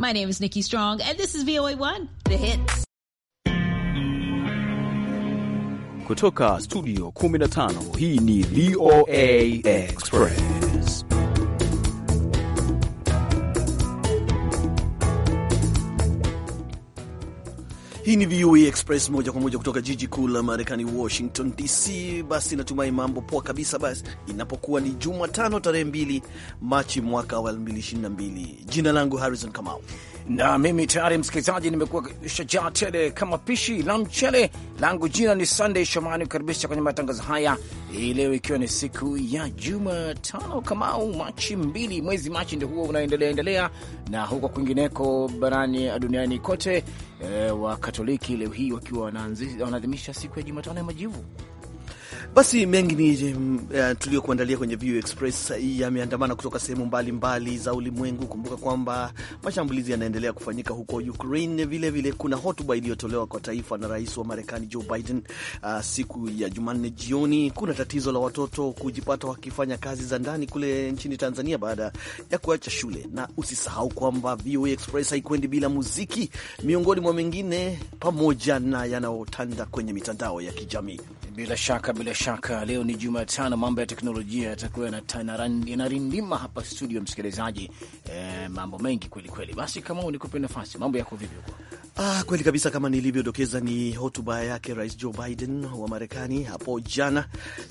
My name is Nikki Strong, and this is VOA One, The Hits. Kutoka studio 15 hii ni VOA Express. Hii ni VOA Express moja kwa moja kutoka jiji kuu la Marekani, Washington DC. Basi natumai mambo poa kabisa. Basi inapokuwa ni Jumatano tarehe 2 Machi mwaka wa 2022, jina langu Harrison Kamau na mimi tayari msikilizaji, nimekuwa shajaa tele kama pishi la mchele langu. Jina ni Sunday Shomani, kukaribisha kwenye matangazo haya hii leo, ikiwa ni siku ya Jumatano au Machi mbili, mwezi Machi ndio huo unaendelea endelea, na huko kwingineko barani duniani kote eh, wa Katoliki leo hii wakiwa wanaadhimisha siku ya Jumatano ya Majivu. Basi mengi ni uh, eh, tuliyokuandalia kwenye VOA Express yameandamana kutoka sehemu mbalimbali za ulimwengu. Kumbuka kwamba mashambulizi yanaendelea kufanyika huko Ukraine. Vilevile kuna hotuba iliyotolewa kwa taifa na rais wa Marekani Joe Biden uh, siku ya Jumanne jioni. Kuna tatizo la watoto kujipata wakifanya kazi za ndani kule nchini Tanzania baada ya kuacha shule, na usisahau kwamba VOA Express haikwendi bila muziki, miongoni mwa mengine, pamoja na yanayotanda kwenye mitandao ya kijamii. Bila shaka bila shaka, leo ni Jumatano, mambo ya teknolojia yatakuwa yanarindima hapa studio, msikilizaji. E, mambo mengi kweli kweli. Basi kama nikupe nafasi, mambo yako vipi huko? Ah, kweli kabisa, kama nilivyodokeza ni hotuba yake Rais Joe Biden wa Marekani hapo jana,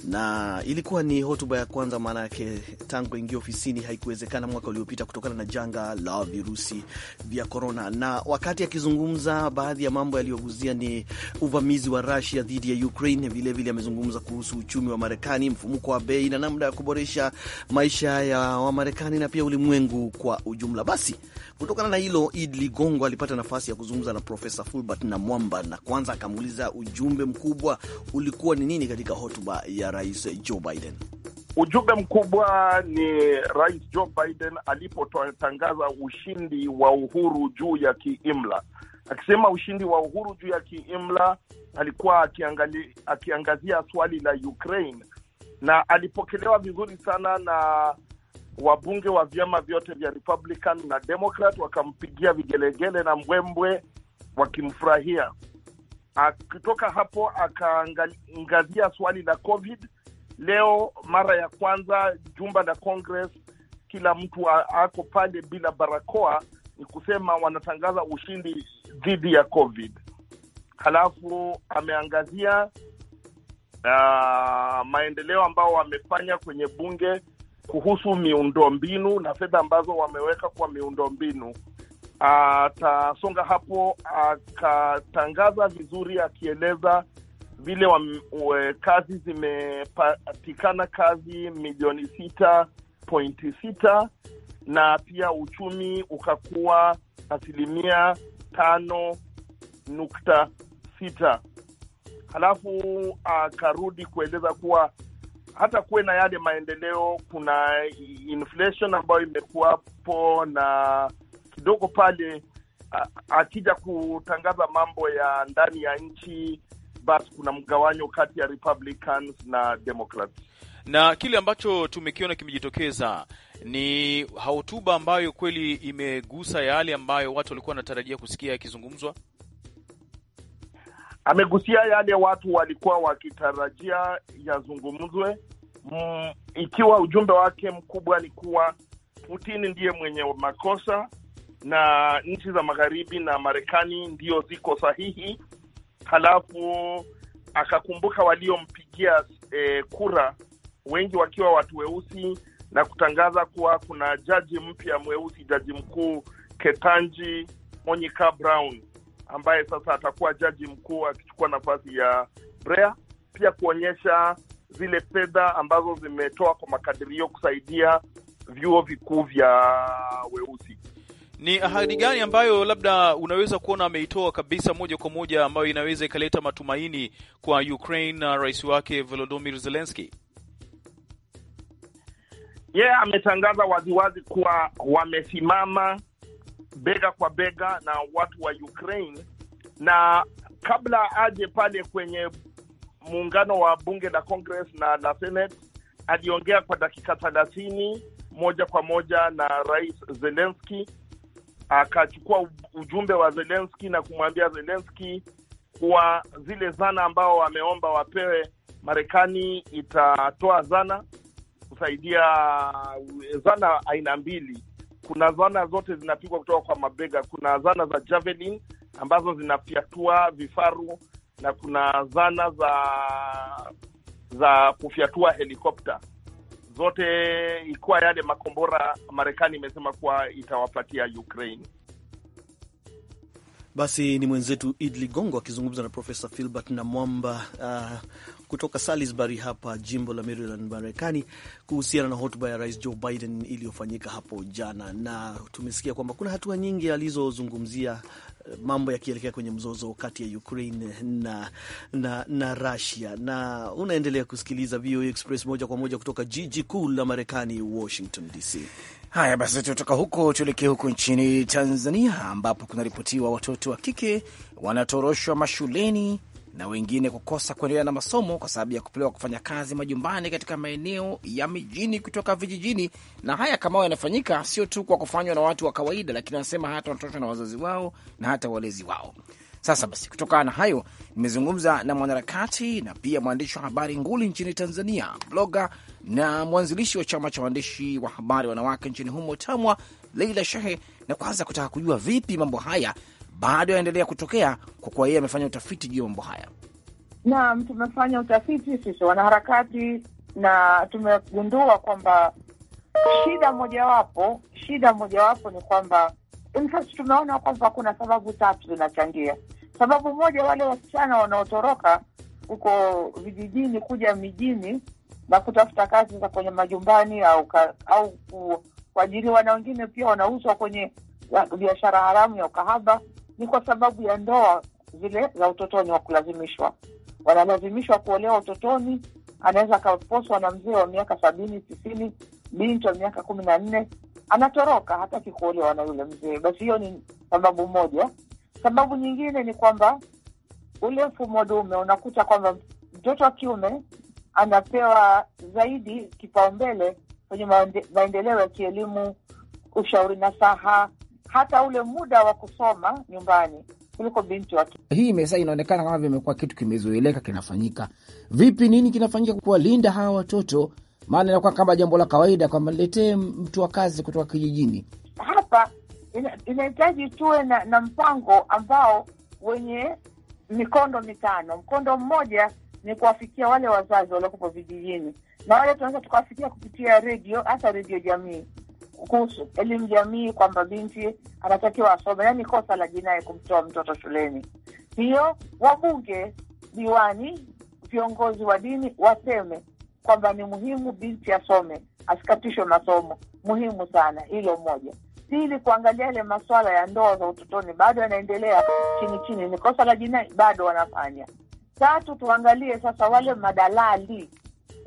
na ilikuwa ni hotuba ya kwanza maana yake tangu ingia ofisini, haikuwezekana mwaka uliopita kutokana na janga la virusi vya korona. Na wakati akizungumza, baadhi ya mambo yaliyoguzia ni uvamizi wa Russia dhidi ya Ukraine. Vilevile amezungumza kuhusu uchumi wa Marekani, mfumuko wa bei na namna ya kuboresha maisha ya Wamarekani na pia ulimwengu kwa ujumla. Basi kutokana na hilo, Idi Ligongo alipata nafasi ya kuzungumza na na Profesa Fulbert na Mwamba, na kwanza akamuuliza ujumbe mkubwa ulikuwa ni nini katika hotuba ya Rais Joe Biden. Ujumbe mkubwa ni Rais Joe Biden alipotangaza ushindi wa uhuru juu ya kiimla, akisema ushindi wa uhuru juu ya kiimla, alikuwa akiangali, akiangazia swali la Ukraine na alipokelewa vizuri sana na wabunge wa vyama vyote vya Republican na Democrat, wakampigia vigelegele na mbwembwe wakimfurahia. Akitoka hapo akaangazia swali la COVID. Leo mara ya kwanza jumba la Congress kila mtu ako pale bila barakoa, ni kusema wanatangaza ushindi dhidi ya COVID. Halafu ameangazia uh, maendeleo ambao wamefanya kwenye bunge kuhusu miundombinu na fedha ambazo wameweka kwa miundombinu atasonga hapo akatangaza vizuri, akieleza vile wa, we, kazi zimepatikana kazi milioni sita pointi sita na pia uchumi ukakuwa asilimia tano nukta sita. Halafu akarudi kueleza kuwa hata kuwe na yale maendeleo, kuna inflation ambayo imekuwapo na kidogo pale akija kutangaza mambo ya ndani ya nchi, basi kuna mgawanyo kati ya Republicans na Democrats na kile ambacho tumekiona kimejitokeza ni hotuba ambayo kweli imegusa yale ambayo watu walikuwa wanatarajia kusikia yakizungumzwa. Amegusia yale watu walikuwa wakitarajia yazungumzwe, mm, ikiwa ujumbe wake mkubwa ni kuwa Putin ndiye mwenye makosa na nchi za magharibi na Marekani ndio ziko sahihi, halafu akakumbuka waliompigia e, kura wengi wakiwa watu weusi na kutangaza kuwa kuna jaji mpya mweusi, jaji mkuu Ketanji Monica Brown ambaye sasa atakuwa jaji mkuu akichukua nafasi ya Brea, pia kuonyesha zile fedha ambazo zimetoa kwa makadirio kusaidia vyuo vikuu vya weusi. Ni ahadi gani ambayo labda unaweza kuona ameitoa kabisa moja kwa moja ambayo inaweza ikaleta matumaini kwa Ukraine na rais wake Volodymyr Zelensky? Yeye yeah, ametangaza waziwazi kuwa wamesimama bega kwa bega na watu wa Ukraine, na kabla aje pale kwenye muungano wa bunge la Congress na la Senate, aliongea kwa dakika thelathini moja kwa moja na Rais Zelensky akachukua ujumbe wa zelenski na kumwambia zelenski kuwa zile zana ambao wameomba wapewe, Marekani itatoa zana kusaidia uh, zana aina mbili. Kuna zana zote zinapigwa kutoka kwa mabega. Kuna zana za Javelin ambazo zinafyatua vifaru na kuna zana za za kufyatua helikopta zote, ikiwa yale makombora Marekani imesema kuwa itawapatia Ukraine. Basi ni mwenzetu Idli Ligongo akizungumza na Profesa Filbert na Mwamba uh, kutoka Salisbury hapa jimbo la Maryland, Marekani, kuhusiana na hotuba ya Rais Joe Biden iliyofanyika hapo jana, na tumesikia kwamba kuna hatua nyingi alizozungumzia eh, mambo yakielekea kwenye mzozo kati ya Ukraine na, na, na Russia. Na unaendelea kusikiliza VOA Express moja kwa moja kutoka jiji kuu la Marekani, Washington DC. Haya basi, tutoka huko tuelekee huko nchini Tanzania ambapo kunaripotiwa watoto wa kike wanatoroshwa mashuleni na wengine kukosa kuendelea na masomo kwa sababu ya kupelewa kufanya kazi majumbani katika maeneo ya mijini kutoka vijijini. Na haya kamao yanafanyika sio tu kwa kufanywa na watu wa kawaida, lakini anasema hata watoto na wazazi wao na hata walezi wao. Sasa basi, kutokana na hayo nimezungumza na mwanaharakati na pia mwandishi wa habari nguli nchini Tanzania, bloga na mwanzilishi wa chama cha waandishi wa habari wanawake nchini humo, TAMWA, Leila Shehe, na kwanza kutaka kujua vipi mambo haya bado yaendelea kutokea, kwa kuwa yeye amefanya utafiti juu ya mambo haya. Naam, tumefanya utafiti sisi wanaharakati na tumegundua kwamba shida mojawapo shida mojawapo ni kwamba in fact tumeona kwamba kuna sababu tatu zinachangia. Sababu moja, wale wasichana wanaotoroka huko vijijini kuja mijini na kutafuta kazi za kwenye majumbani au ka, au kuajiriwa na wengine pia wanauzwa kwenye biashara haramu ya ukahaba ni kwa sababu ya ndoa zile za utotoni, wa kulazimishwa, wanalazimishwa kuolewa utotoni. Anaweza akaposwa na mzee wa miaka sabini tisini, binti wa miaka kumi na nne anatoroka, hataki kuolewa na yule mzee. Basi hiyo ni sababu moja. Sababu nyingine ni kwamba ule mfumo dume, unakuta kwamba mtoto wa kiume anapewa zaidi kipaumbele kwenye maendeleo ya kielimu, ushauri na saha hata ule muda wa kusoma nyumbani kuliko binti kike. Hii mesa inaonekana kama vimekuwa kitu kimezoeleka kinafanyika. Vipi, nini kinafanyika kuwalinda hawa watoto? Maana inakuwa kama jambo la kawaida kwamba niletee mtu wa kazi kutoka kijijini hapa. Inahitaji ina tuwe na, na mpango ambao wenye mikondo mitano. Mkondo mmoja ni kuwafikia wale wazazi waliokopo vijijini, na wale tunaweza tukawafikia kupitia redio, hasa redio jamii kuhusu elimu jamii kwamba binti anatakiwa asome, yaani kosa la jinai kumtoa mtoto shuleni. Hiyo wabunge, diwani, viongozi wa dini waseme kwamba ni muhimu binti asome, asikatishwe masomo, muhimu sana. Hilo moja. Pili, kuangalia yale maswala ya ndoa za utotoni, bado yanaendelea chini chini, ni kosa la jinai, bado wanafanya. Tatu, tuangalie sasa wale madalali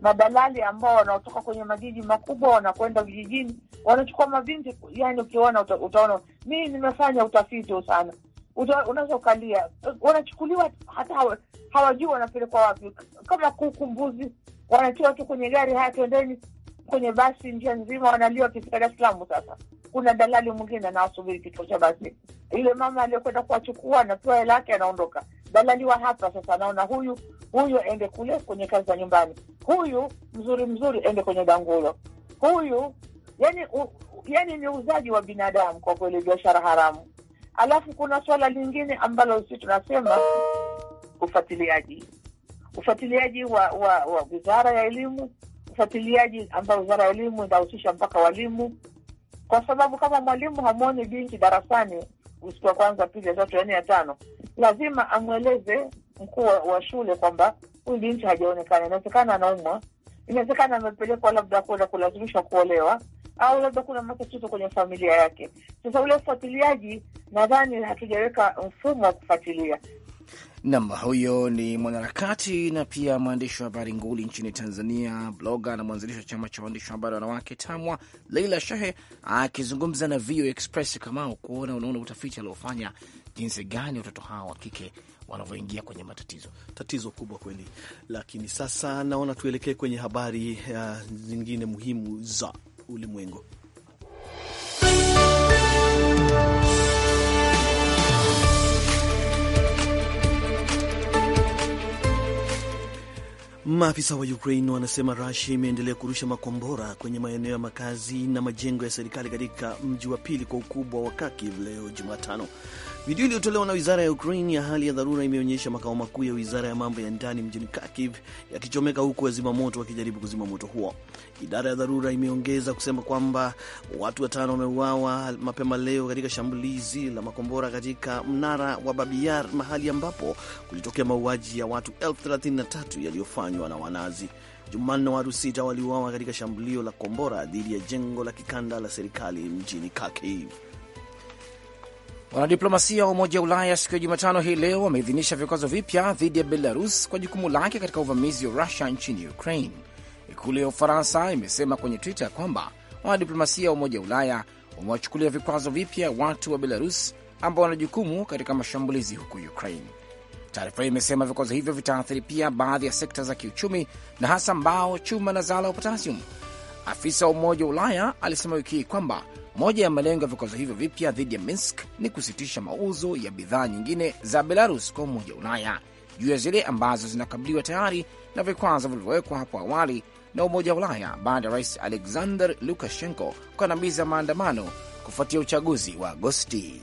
madalali ambao wanaotoka kwenye majiji makubwa wanakwenda vijijini, wanachukua mabinti. Yani ukiona uta, utaona mi nimefanya utafiti sana, unaweza ukalia, wanachukuliwa hata hawajui wanapelekwa wapi, kama kuku, mbuzi, wanatiwa tu kwenye gari, haya twendeni, kwenye basi, njia nzima wanaliwa. Wakifika Dar es Salaam sasa, kuna dalali mwingine anawasubiri kituo cha basi, ile mama aliyokwenda kuwachukua anapewa hela yake, anaondoka dalaliwa hapa. Sasa naona huyu huyu ende kule kwenye kazi za nyumbani, huyu mzuri mzuri ende kwenye dangulo, huyu yani u, yani ni uuzaji wa binadamu kwa kweli, biashara haramu. Alafu kuna swala lingine ambalo sisi tunasema ufuatiliaji, ufuatiliaji wa, wa, wa wizara ya elimu, ufuatiliaji ambao wizara ya elimu inahusisha mpaka walimu, kwa sababu kama mwalimu hamwoni binti darasani usiku wa kwanza, pili, ya tatu, ya nne, ya tano, lazima amweleze mkuu wa shule kwamba huyu binti hajaonekana, inawezekana anaumwa, inawezekana amepelekwa labda kwenda kulazimishwa kuolewa au labda kuna matatizo kwenye familia yake. Sasa ule ufuatiliaji, nadhani hatujaweka mfumo wa kufuatilia. Nam, huyo ni mwanaharakati na pia mwandishi wa habari nguli nchini Tanzania, bloga na mwanzilishi wa chama cha waandishi wa habari wanawake TAMWA, Leila Shehe akizungumza na VOA Express. Kamao kuona unaona utafiti aliofanya jinsi gani watoto hawa wa kike wanavyoingia kwenye matatizo. Tatizo kubwa kweli, lakini sasa naona tuelekee kwenye habari uh, eh, zingine muhimu za ulimwengu. Maafisa wa Ukraine wanasema Rusia imeendelea kurusha makombora kwenye maeneo ya makazi na majengo ya serikali katika mji wa pili kwa ukubwa wa Kharkiv leo Jumatano. Video iliyotolewa na wizara ya Ukraine ya hali ya dharura imeonyesha makao makuu ya wizara ya mambo ya ndani mjini Kharkiv yakichomeka huku wazima moto wakijaribu kuzima moto huo. Idara ya dharura imeongeza kusema kwamba watu watano wameuawa mapema leo katika shambulizi la makombora katika mnara wa babiar mahali ambapo kulitokea mauaji ya watu elfu 33 yaliyofanywa na Wanazi. Jumanne watu sita waliuawa katika shambulio la kombora dhidi ya jengo la kikanda la serikali mjini Kharkiv. Wanadiplomasia wa Umoja wa Ulaya siku ya Jumatano hii leo wameidhinisha vikwazo vipya dhidi ya Belarus kwa jukumu lake katika uvamizi wa Rusia nchini Ukraine. Ikulu ya Ufaransa imesema kwenye Twitter kwamba wanadiplomasia wa Umoja wa Ulaya wamewachukulia vikwazo vipya watu wa Belarus ambao wana jukumu katika mashambulizi huko Ukraine. Taarifa hii imesema vikwazo hivyo vitaathiri pia baadhi ya sekta za kiuchumi na hasa mbao, chuma na zala ya potasium Afisa wa Umoja wa Ulaya alisema wiki hii kwamba moja ya malengo ya vikwazo hivyo vipya dhidi ya Minsk ni kusitisha mauzo ya bidhaa nyingine za Belarus kwa Umoja wa Ulaya juu ya zile ambazo zinakabiliwa tayari na vikwazo vilivyowekwa hapo awali na Umoja wa Ulaya baada ya Rais Alexander Lukashenko kukandamiza maandamano kufuatia uchaguzi wa Agosti.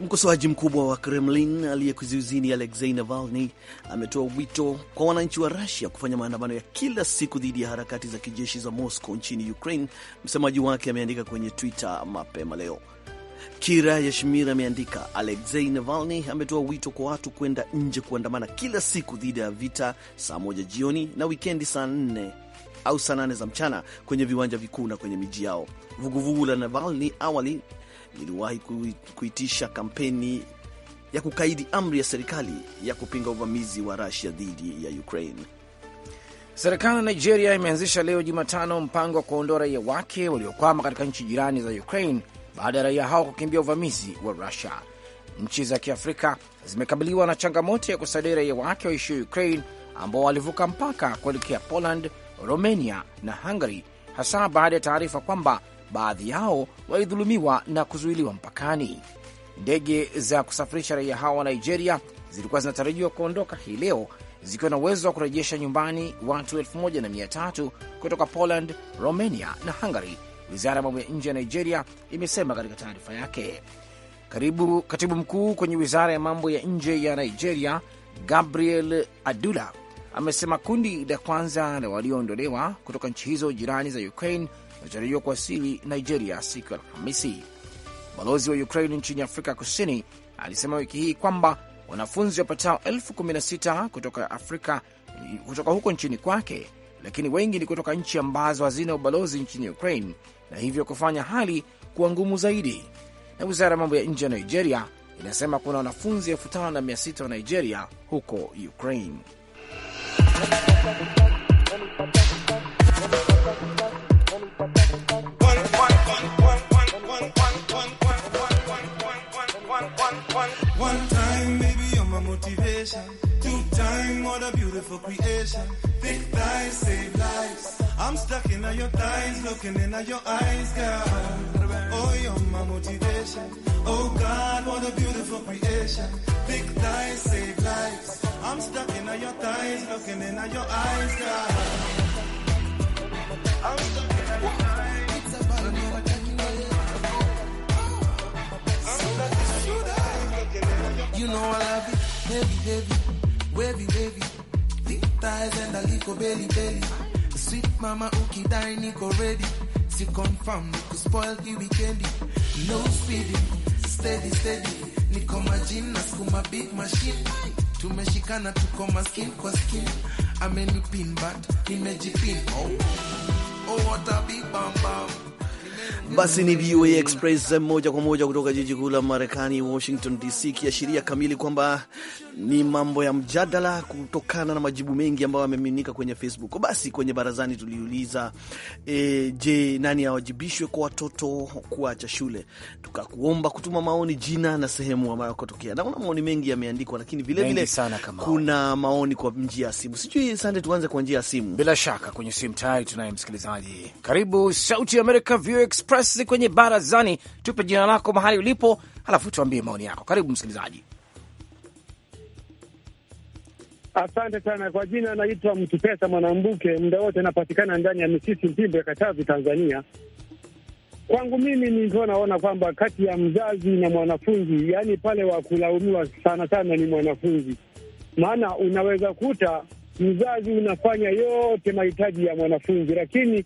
Mkosoaji mkubwa wa Kremlin aliye kizuizini Alexei Navalny ametoa wito kwa wananchi wa Rusia kufanya maandamano ya kila siku dhidi ya harakati za kijeshi za Moscow nchini Ukraine. Msemaji wake ameandika kwenye Twitter mapema leo. Kira Yashmir ameandika Alexei Navalny ametoa wito kwa watu kwenda nje kuandamana kila siku dhidi ya vita saa moja jioni na wikendi saa nne au saa nane za mchana kwenye viwanja vikuu na kwenye miji yao. Vuguvugu la Navalny awali iliwahi kuitisha kampeni ya kukaidi amri ya serikali ya kupinga uvamizi wa Rusia dhidi ya Ukraine. Serikali ya Nigeria imeanzisha leo Jumatano mpango wa kuondoa raia wake waliokwama katika nchi jirani za Ukraine baada ya raia hao kukimbia uvamizi wa Rusia. Nchi za Kiafrika zimekabiliwa na changamoto ya kusaidia raia wake waishio Ukraine ambao walivuka mpaka kuelekea Poland, Romania na Hungary, hasa baada ya taarifa kwamba baadhi yao walidhulumiwa na kuzuiliwa mpakani. Ndege za kusafirisha raia hao wa Nigeria zilikuwa zinatarajiwa kuondoka hii leo zikiwa na uwezo wa kurejesha nyumbani watu 13 kutoka Poland, Romania na Hungary. Wizara ya mambo ya nje ya Nigeria imesema katika taarifa yake. Karibu katibu mkuu kwenye wizara ya mambo ya nje ya Nigeria Gabriel Adula amesema kundi la kwanza la walioondolewa kutoka nchi hizo jirani za Ukraine inatarajiwa kuwasili Nigeria siku ya Alhamisi. Balozi wa Ukraine nchini Afrika Kusini alisema wiki hii kwamba wanafunzi wapatao elfu kumi na sita kutoka Afrika kutoka huko nchini kwake, lakini wengi ni kutoka nchi ambazo hazina ubalozi nchini Ukraine na hivyo kufanya hali kuwa ngumu zaidi. Na wizara ya mambo ya nje ya Nigeria inasema kuna wanafunzi elfu tano na mia sita wa Nigeria huko Ukraine. motivation. Two time, what a beautiful creation. Thick thighs save lives. I'm stuck in all your thighs, looking in all your eyes, girl. Oh, you're my motivation. Oh God, what a beautiful creation. Thick thighs save lives. I'm stuck in all your thighs, looking in all your eyes, girl. I'm stuck in all your thighs. You know I love you. heavy, heavy, wavy, wavy, thick thighs and a little belly, belly. Sweet mama ukidai niko ready, si confirm spoil the weekend. No speeding, steady, steady, Nico majini na sukuma big machine. Tumeshikana tuko maskin kwa skin, skin. I'm pin, but nimejipin. Oh, oh what a big bam bam basi ni VOA Express moja kwa moja kutoka jiji kuu la Marekani, Washington DC, ikiashiria kamili kwamba ni mambo ya mjadala kutokana na majibu mengi ambayo yamemiminika kwenye Facebook. Basi kwenye barazani tuliuliza e, je, nani awajibishwe kwa watoto kuacha shule? Tukakuomba kutuma maoni, jina na sehemu ambayo kutokea, na kuna maoni mengi yameandikwa, lakini vilevile kuna maoni kwa njia ya simu. Sijui Sande, tuanze kwa njia ya simu. Bila shaka kwenye simu tayari tunaye msikilizaji. Karibu Sauti ya America View Express kwenye barazani, tupe jina lako, mahali ulipo, halafu tuambie maoni yako. Karibu msikilizaji. Asante sana kwa jina, mtu Mtupesa Mwanambuke, muda wote anapatikana ndani ya misisi Mpimbo ya Katavi, Tanzania. Kwangu mimi nilikuwa naona kwamba kati ya mzazi na mwanafunzi, yaani pale wa kulaumiwa sana sana ni mwanafunzi, maana unaweza kuta mzazi unafanya yote mahitaji ya mwanafunzi, lakini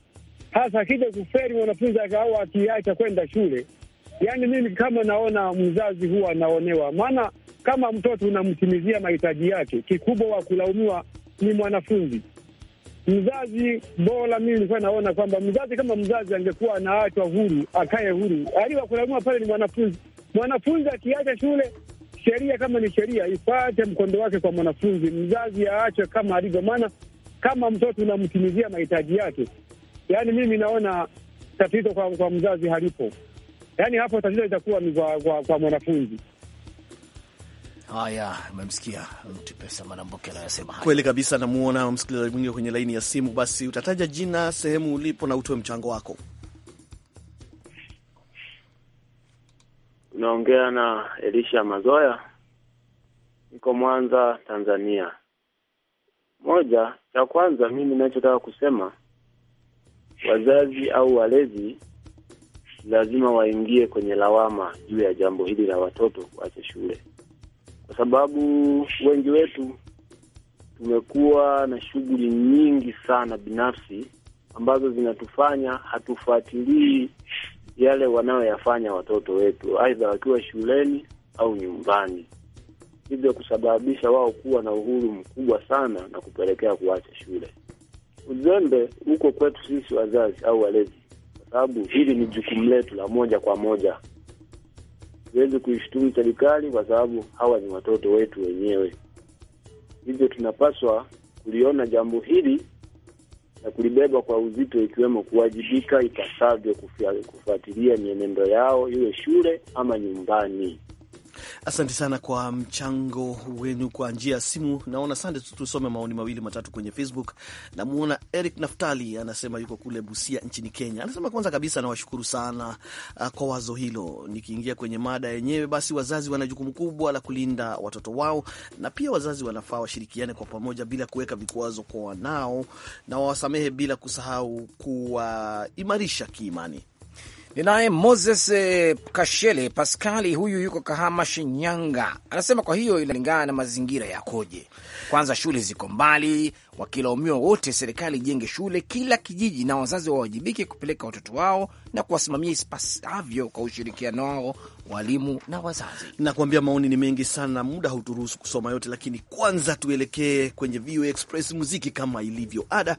hasa akija kuferi mwanafunzi au akiacha kwenda shule, yaani mimi kama naona mzazi huwa anaonewa, maana kama mtoto unamtimizia mahitaji yake, kikubwa wa kulaumiwa ni mwanafunzi. Mzazi bora, mimi nilikuwa naona kwamba mzazi kama mzazi angekuwa anaachwa huru, akae huru, ali wa kulaumiwa pale ni mwanafunzi. Mwanafunzi akiacha shule sheria kama ni sheria ifate mkondo wake kwa mwanafunzi, mzazi aache kama alivyo, maana kama mtoto unamtimizia mahitaji yake, yaani mimi naona tatizo kwa, kwa mzazi halipo, yaani hapo tatizo litakuwa ni kwa, kwa, kwa mwanafunzi. Haya, memsikia mtu pesa Manamboke anayosema haya. Kweli kabisa, namuona msikilizaji mwingine kwenye laini ya simu. Basi utataja jina, sehemu ulipo na utoe mchango wako. Unaongea na Elisha Mazoya, niko Mwanza, Tanzania. Moja cha kwanza, mimi ninachotaka kusema wazazi au walezi lazima waingie kwenye lawama juu ya jambo hili la watoto kuacha shule kwa sababu wengi wetu tumekuwa na shughuli nyingi sana binafsi ambazo zinatufanya hatufuatilii yale wanayoyafanya watoto wetu, aidha wakiwa shuleni au nyumbani, hivyo kusababisha wao kuwa na uhuru mkubwa sana na kupelekea kuacha shule. Uzembe uko kwetu sisi wazazi au walezi, kwa sababu hili ni jukumu letu la moja kwa moja. Siwezi kuishtumu serikali kwa sababu hawa ni watoto wetu wenyewe, hivyo tunapaswa kuliona jambo hili na kulibeba kwa uzito, ikiwemo kuwajibika ipasavyo, kufuatilia mienendo yao iwe shule ama nyumbani. Asante sana kwa mchango wenu kwa njia ya simu. Naona sande, tusome maoni mawili matatu kwenye Facebook. Namwona Eric Naftali anasema yuko kule Busia nchini Kenya. Anasema kwanza kabisa nawashukuru sana uh, kwa wazo hilo. Nikiingia kwenye mada yenyewe, basi wazazi wana jukumu kubwa la kulinda watoto wao, na pia wazazi wanafaa washirikiane kwa pamoja bila kuweka vikwazo kwa wanao, na wawasamehe bila kusahau kuwaimarisha kiimani. Ninaye Moses eh, Kashele Paskali, huyu yuko Kahama, Shinyanga, anasema kwa hiyo inalingana na mazingira yakoje. Kwanza shule ziko mbali, wakilaumiwa wote, serikali ijenge shule kila kijiji, na wazazi wawajibike kupeleka watoto wao na kuwasimamia ipasavyo kwa ushirikiano wao walimu na wazazi. Nakuambia maoni ni mengi sana, muda hauturuhusu kusoma yote, lakini kwanza tuelekee kwenye VOA Express muziki kama ilivyo ada.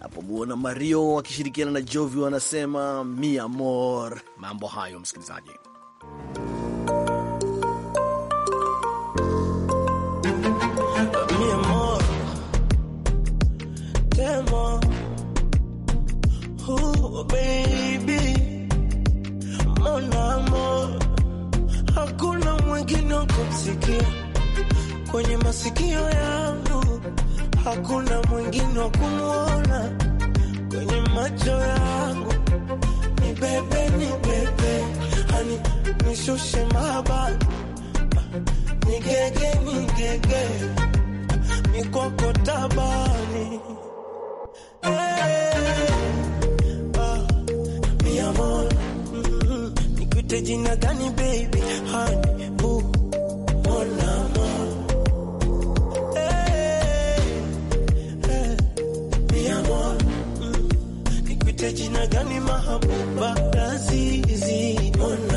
Napomwona Mario akishirikiana na Jovi wanasema mi amor. Mambo hayo msikilizaji. Ooh, baby. Mon amour hakuna mwingine wa kumsikia kwenye masikio yangu, hakuna mwingine wa kumwona kwenye macho yangu. Ni bebe, ni bebe, ani nishushe mabani, nigege, nigege, nikwako tabani hey, eh, ah, mi amor, mm, mm-hmm. nikwite jina gani baby Eh, eh, mm, jina gani mahabuba razizi mona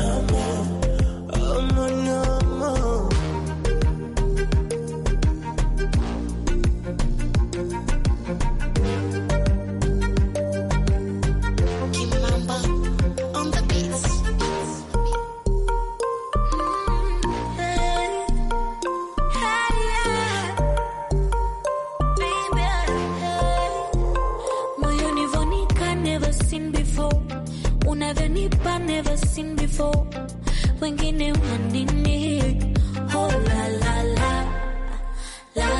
unanipa never seen before, wengine wanini oh, la, la, la. La,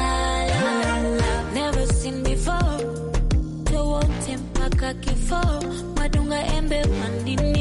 la, la. Never seen before, wote mpaka kifo madunga embe wanini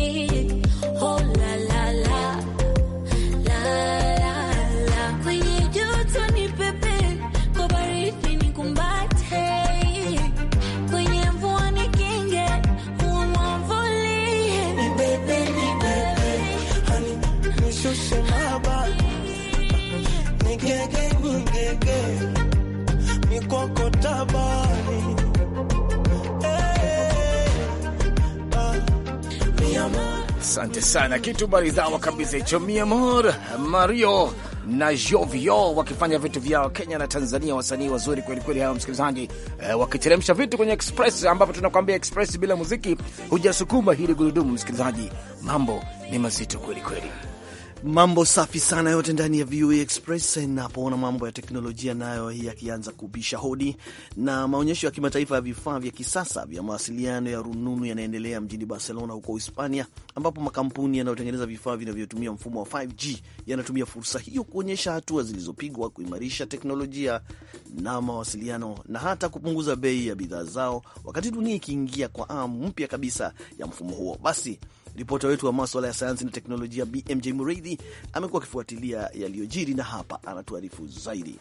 Asante sana, kitu baridhawa kabisa hicho, miamor Mario na Jovio wakifanya vitu vyao Kenya na Tanzania, wasanii wazuri kwelikweli hawa msikilizaji, eh, wakiteremsha vitu kwenye Express, ambapo tunakuambia Express bila muziki hujasukuma hili gurudumu. Msikilizaji, mambo ni mazito kwelikweli. Mambo safi sana, yote ndani ya VOA Express. Napoona mambo ya teknolojia nayo yakianza kubisha hodi, na maonyesho ya kimataifa ya vifaa vya kisasa vya mawasiliano ya rununu yanaendelea mjini Barcelona huko Hispania, ambapo makampuni yanayotengeneza vifaa vinavyotumia mfumo wa 5G yanatumia fursa hiyo kuonyesha hatua zilizopigwa kuimarisha teknolojia na mawasiliano na hata kupunguza bei ya bidhaa zao, wakati dunia ikiingia kwa amu mpya kabisa ya mfumo huo. Basi Ripota wetu wa maswala ya sayansi na teknolojia BMJ Mureithi amekuwa akifuatilia yaliyojiri na hapa anatuarifu zaidi.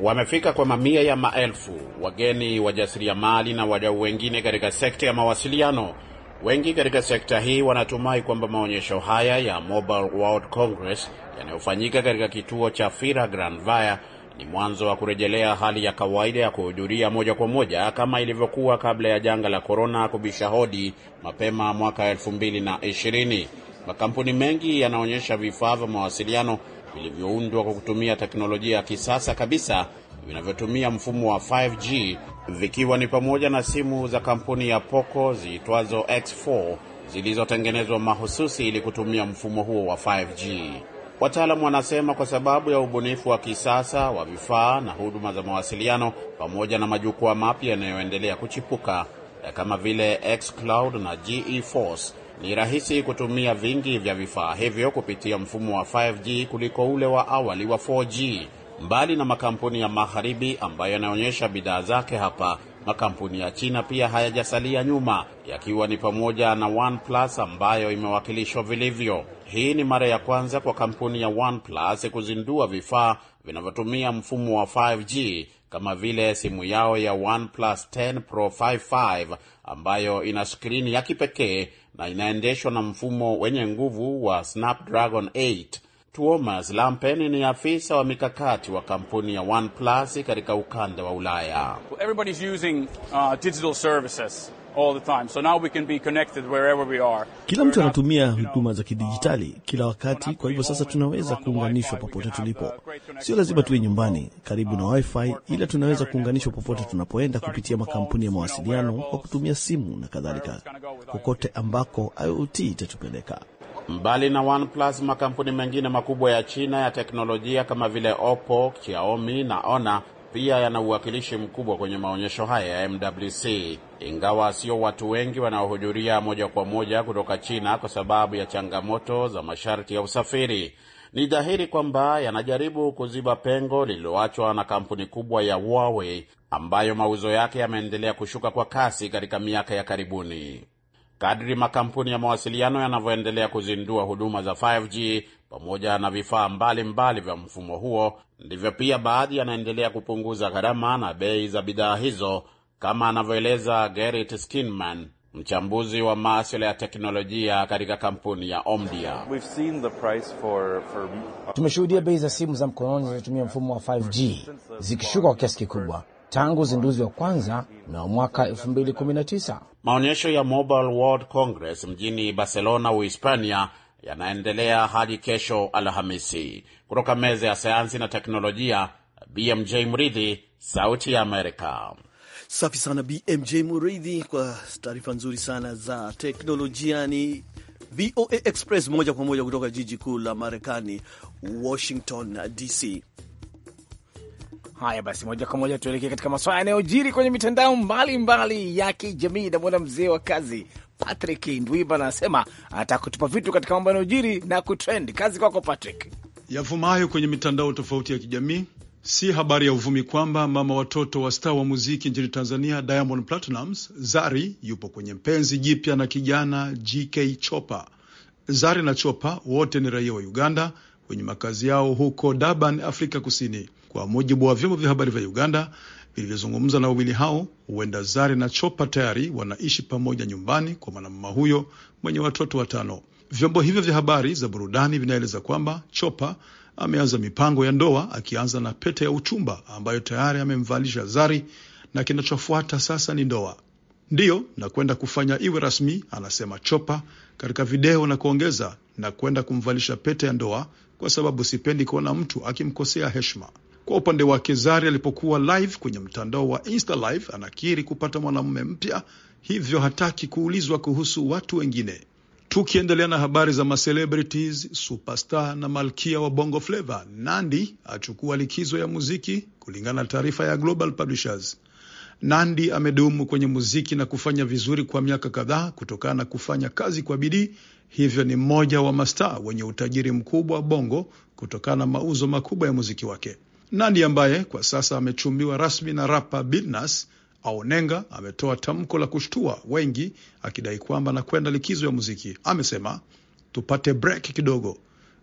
Wamefika kwa mamia ya maelfu wageni, wajasiriamali na wadau wengine katika sekta ya mawasiliano. Wengi katika sekta hii wanatumai kwamba maonyesho haya ya Mobile World Congress yanayofanyika katika kituo cha Fira ni mwanzo wa kurejelea hali ya kawaida ya kuhudhuria moja kwa moja kama ilivyokuwa kabla ya janga la korona kubisha hodi mapema mwaka 2020. Makampuni mengi yanaonyesha vifaa vya mawasiliano vilivyoundwa kwa kutumia teknolojia ya kisasa kabisa vinavyotumia mfumo wa 5G vikiwa ni pamoja na simu za kampuni ya Poco ziitwazo X4 zilizotengenezwa mahususi ili kutumia mfumo huo wa 5G. Wataalamu wanasema kwa sababu ya ubunifu wa kisasa wa vifaa na huduma za mawasiliano pamoja na majukwaa mapya yanayoendelea kuchipuka eh, kama vile xCloud na GeForce, ni rahisi kutumia vingi vya vifaa hivyo kupitia mfumo wa 5G kuliko ule wa awali wa 4G. Mbali na makampuni ya magharibi ambayo yanaonyesha bidhaa zake hapa Makampuni ya China pia hayajasalia nyuma, yakiwa ni pamoja na OnePlus ambayo imewakilishwa vilivyo. Hii ni mara ya kwanza kwa kampuni ya OnePlus kuzindua vifaa vinavyotumia mfumo wa 5G kama vile simu yao ya OnePlus 10 Pro 55 ambayo ina skrini ya kipekee na inaendeshwa na mfumo wenye nguvu wa Snapdragon 8 Tuomas Lampen ni afisa wa mikakati wa kampuni ya OnePlus katika ukanda wa Ulaya. Everybody's using uh, digital services all the time. So now we can be connected wherever we are. Kila mtu anatumia huduma za kidijitali kila wakati, kwa hivyo sasa tunaweza kuunganishwa popote tulipo. Sio lazima tuwe nyumbani karibu na wifi, ila tunaweza kuunganishwa popote tunapoenda kupitia makampuni ya mawasiliano kwa kutumia simu na kadhalika, kokote ambako IoT itatupeleka. Mbali na OnePlus, makampuni mengine makubwa ya China ya teknolojia kama vile Oppo, Xiaomi na Honor pia yana uwakilishi mkubwa kwenye maonyesho haya ya MWC, ingawa sio watu wengi wanaohudhuria moja kwa moja kutoka China kwa sababu ya changamoto za masharti ya usafiri. Ni dhahiri kwamba yanajaribu kuziba pengo lililoachwa na kampuni kubwa ya Huawei ambayo mauzo yake yameendelea kushuka kwa kasi katika miaka ya karibuni. Kadri makampuni ya mawasiliano yanavyoendelea kuzindua huduma za 5G pamoja na vifaa mbalimbali vya mfumo huo, ndivyo pia baadhi yanaendelea kupunguza gharama na bei za bidhaa hizo, kama anavyoeleza Gerrit Skinman, mchambuzi wa maswala ya teknolojia katika kampuni ya Omdia. For, for... tumeshuhudia bei za simu za mkononi zinazotumia mfumo wa 5G zikishuka kwa kiasi kikubwa tangu uzinduzi wa kwanza na mwaka 2019. Maonyesho ya Mobile World Congress mjini Barcelona, Uhispania yanaendelea hadi kesho Alhamisi. Kutoka meza ya sayansi na teknolojia, BMJ Mridhi, Sauti ya Amerika. Safi sana BMJ mridhi kwa taarifa nzuri sana za teknolojia. Ni VOA Express moja kwa moja kutoka jiji kuu la Marekani, Washington DC. Haya basi, moja kwa moja tuelekee katika maswala yanayojiri kwenye mitandao mbalimbali ya kijamii. Namwona mzee wa kazi Patrick Ndwiba anasema atakutupa vitu katika mambo yanayojiri na kutrend. Kazi kwako Patrick. Yavumayo kwenye mitandao tofauti ya kijamii Si habari ya uvumi kwamba mama watoto wa staa wa muziki nchini Tanzania Diamond Platnumz Zari yupo kwenye mpenzi jipya na kijana GK Chopa. Zari na Chopa wote ni raia wa Uganda wenye makazi yao huko Durban, Afrika Kusini kwa mujibu wa vyombo vya habari vya Uganda vilivyozungumza na wawili hao. Huenda Zari na Chopa tayari wanaishi pamoja nyumbani kwa mwanamama huyo mwenye watoto watano. Vyombo hivyo vya habari za burudani vinaeleza kwamba Chopa ameanza mipango ya ndoa akianza na pete ya uchumba ambayo tayari amemvalisha Zari na kinachofuata sasa ni ndoa. Ndiyo, na kwenda kufanya iwe rasmi, anasema Chopa katika video na kuongeza, na kwenda kumvalisha pete ya ndoa kwa sababu sipendi kuona mtu akimkosea heshima. Kwa upande wake, Zari alipokuwa live kwenye mtandao wa Insta Live anakiri kupata mwanamume mpya, hivyo hataki kuulizwa kuhusu watu wengine. Tukiendelea na habari za macelebrities, superstar na malkia wa Bongo Flava Nandi achukua likizo ya muziki, kulingana na taarifa ya Global Publishers. Nandi amedumu kwenye muziki na kufanya vizuri kwa miaka kadhaa kutokana na kufanya kazi kwa bidii, hivyo ni mmoja wa mastaa wenye utajiri mkubwa wa Bongo kutokana na mauzo makubwa ya muziki wake nani ambaye kwa sasa amechumbiwa rasmi na rapa Billnass Aonenga ametoa tamko la kushtua wengi akidai kwamba anakwenda likizo ya muziki. Amesema tupate break kidogo.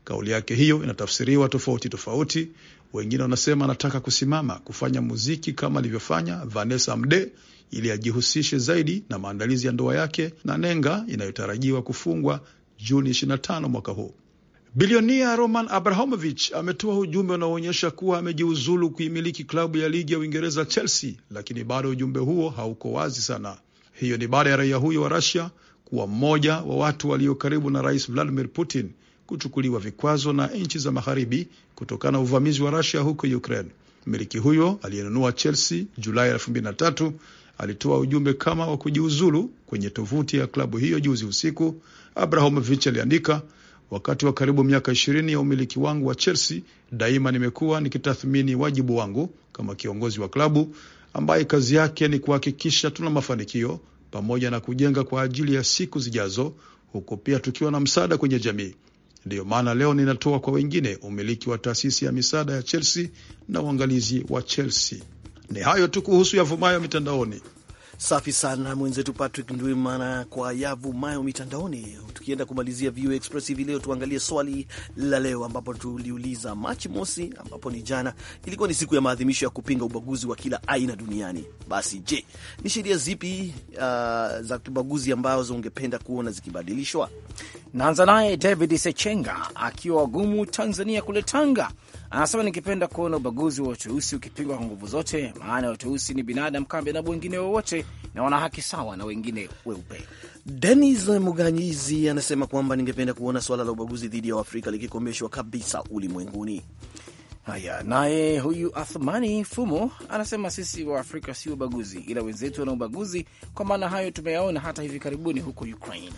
Kauli yake hiyo inatafsiriwa tofauti tofauti. Wengine wanasema anataka kusimama kufanya muziki kama alivyofanya Vanessa Mde ili ajihusishe zaidi na maandalizi ya ndoa yake na Nenga inayotarajiwa kufungwa Juni 25 mwaka huu. Bilionia Roman Abrahamovich ametoa ujumbe unaoonyesha kuwa amejiuzulu kuimiliki klabu ya ligi ya Uingereza Chelsea, lakini bado ujumbe huo hauko wazi sana. Hiyo ni baada ya raia huyo wa Russia kuwa mmoja wa watu walio karibu na Rais Vladimir Putin kuchukuliwa vikwazo na nchi za magharibi kutokana na uvamizi wa Russia huko Ukraine. Mmiliki huyo aliyenunua Chelsea Julai 2003 alitoa ujumbe kama wa kujiuzulu kwenye tovuti ya klabu hiyo juzi usiku. Abrahamovich aliandika Wakati wa karibu miaka ishirini ya umiliki wangu wa Chelsea, daima nimekuwa nikitathmini wajibu wangu kama kiongozi wa klabu ambaye kazi yake ni kuhakikisha tuna mafanikio pamoja na kujenga kwa ajili ya siku zijazo, huku pia tukiwa na msaada kwenye jamii. Ndiyo maana leo ninatoa kwa wengine umiliki wa taasisi ya misaada ya Chelsea na uangalizi wa Chelsea. Ni hayo tu kuhusu yavumayo mitandaoni. Safi sana mwenzetu Patrick Ndwimana kwa yavu mayo mitandaoni. Tukienda kumalizia VOA Express hivi leo, tuangalie swali la leo, ambapo tuliuliza Machi mosi, ambapo ni jana, ilikuwa ni siku ya maadhimisho ya kupinga ubaguzi wa kila aina duniani. Basi je, ni sheria zipi uh, za kibaguzi ambazo ungependa kuona zikibadilishwa? Naanza naye David Sechenga akiwa wagumu Tanzania kule Tanga Anasema ningependa kuona ubaguzi wa watu weusi kwa nguvu zote, maana watu weusi ni binadamu kama binadamu wengine wowote na wana haki sawa na wengine weupe. Denis Muganyizi anasema kwamba ningependa kuona suala la ubaguzi dhidi ya Waafrika likikomeshwa kabisa ulimwenguni. Haya, naye huyu Athmani Fumo anasema sisi wa Afrika si ubaguzi, ila wenzetu wana ubaguzi. Kwa maana hayo tumeyaona hata hivi karibuni huko Ukraine.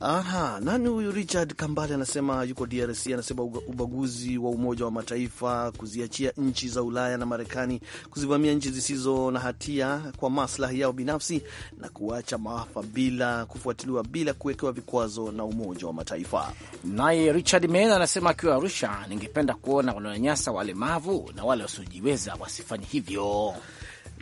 Aha, nani huyu Richard Kambale anasema yuko DRC, anasema ubaguzi wa Umoja wa Mataifa kuziachia nchi za Ulaya na Marekani kuzivamia nchi zisizo na hatia kwa maslahi yao binafsi na kuacha maafa bila kufuatiliwa, bila kuwekewa vikwazo na Umoja wa Mataifa. Naye Richard Mena anasema akiwa Arusha, ningependa kuona wananyanyasa walemavu na wale wasiojiweza wasifanye hivyo.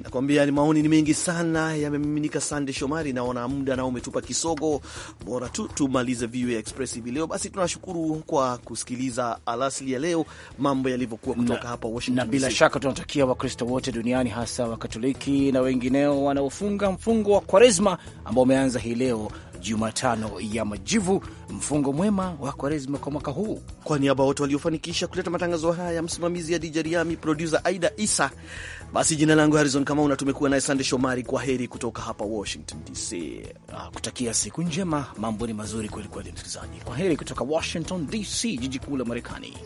Nakwambia ni maoni ni mengi sana yamemiminika. Sande Shomari, naona muda nao umetupa kisogo, bora tu tumalize VOA Express hivi leo. Basi tunashukuru kwa kusikiliza alasili ya leo, mambo yalivyokuwa kutoka na hapa Washington na bila shaka tunatakia Wakristo wote duniani, hasa Wakatoliki na wengineo wanaofunga mfungo wa Kwaresma ambao umeanza hii leo Jumatano ya Majivu. Mfungo mwema wa Kwaresima kwa mwaka huu. Kwa niaba wote waliofanikisha kuleta matangazo haya, msimamizi ya DJ Riami, produsa Aida Isa. Basi jina langu Harizon Kamau na tumekuwa naye Sande Shomari. Kwa heri kutoka hapa Washington DC, ah, kutakia siku njema. Mambo ni mazuri kwelikweli, msikilizaji. Kwa heri kutoka Washington DC, jiji kuu la Marekani.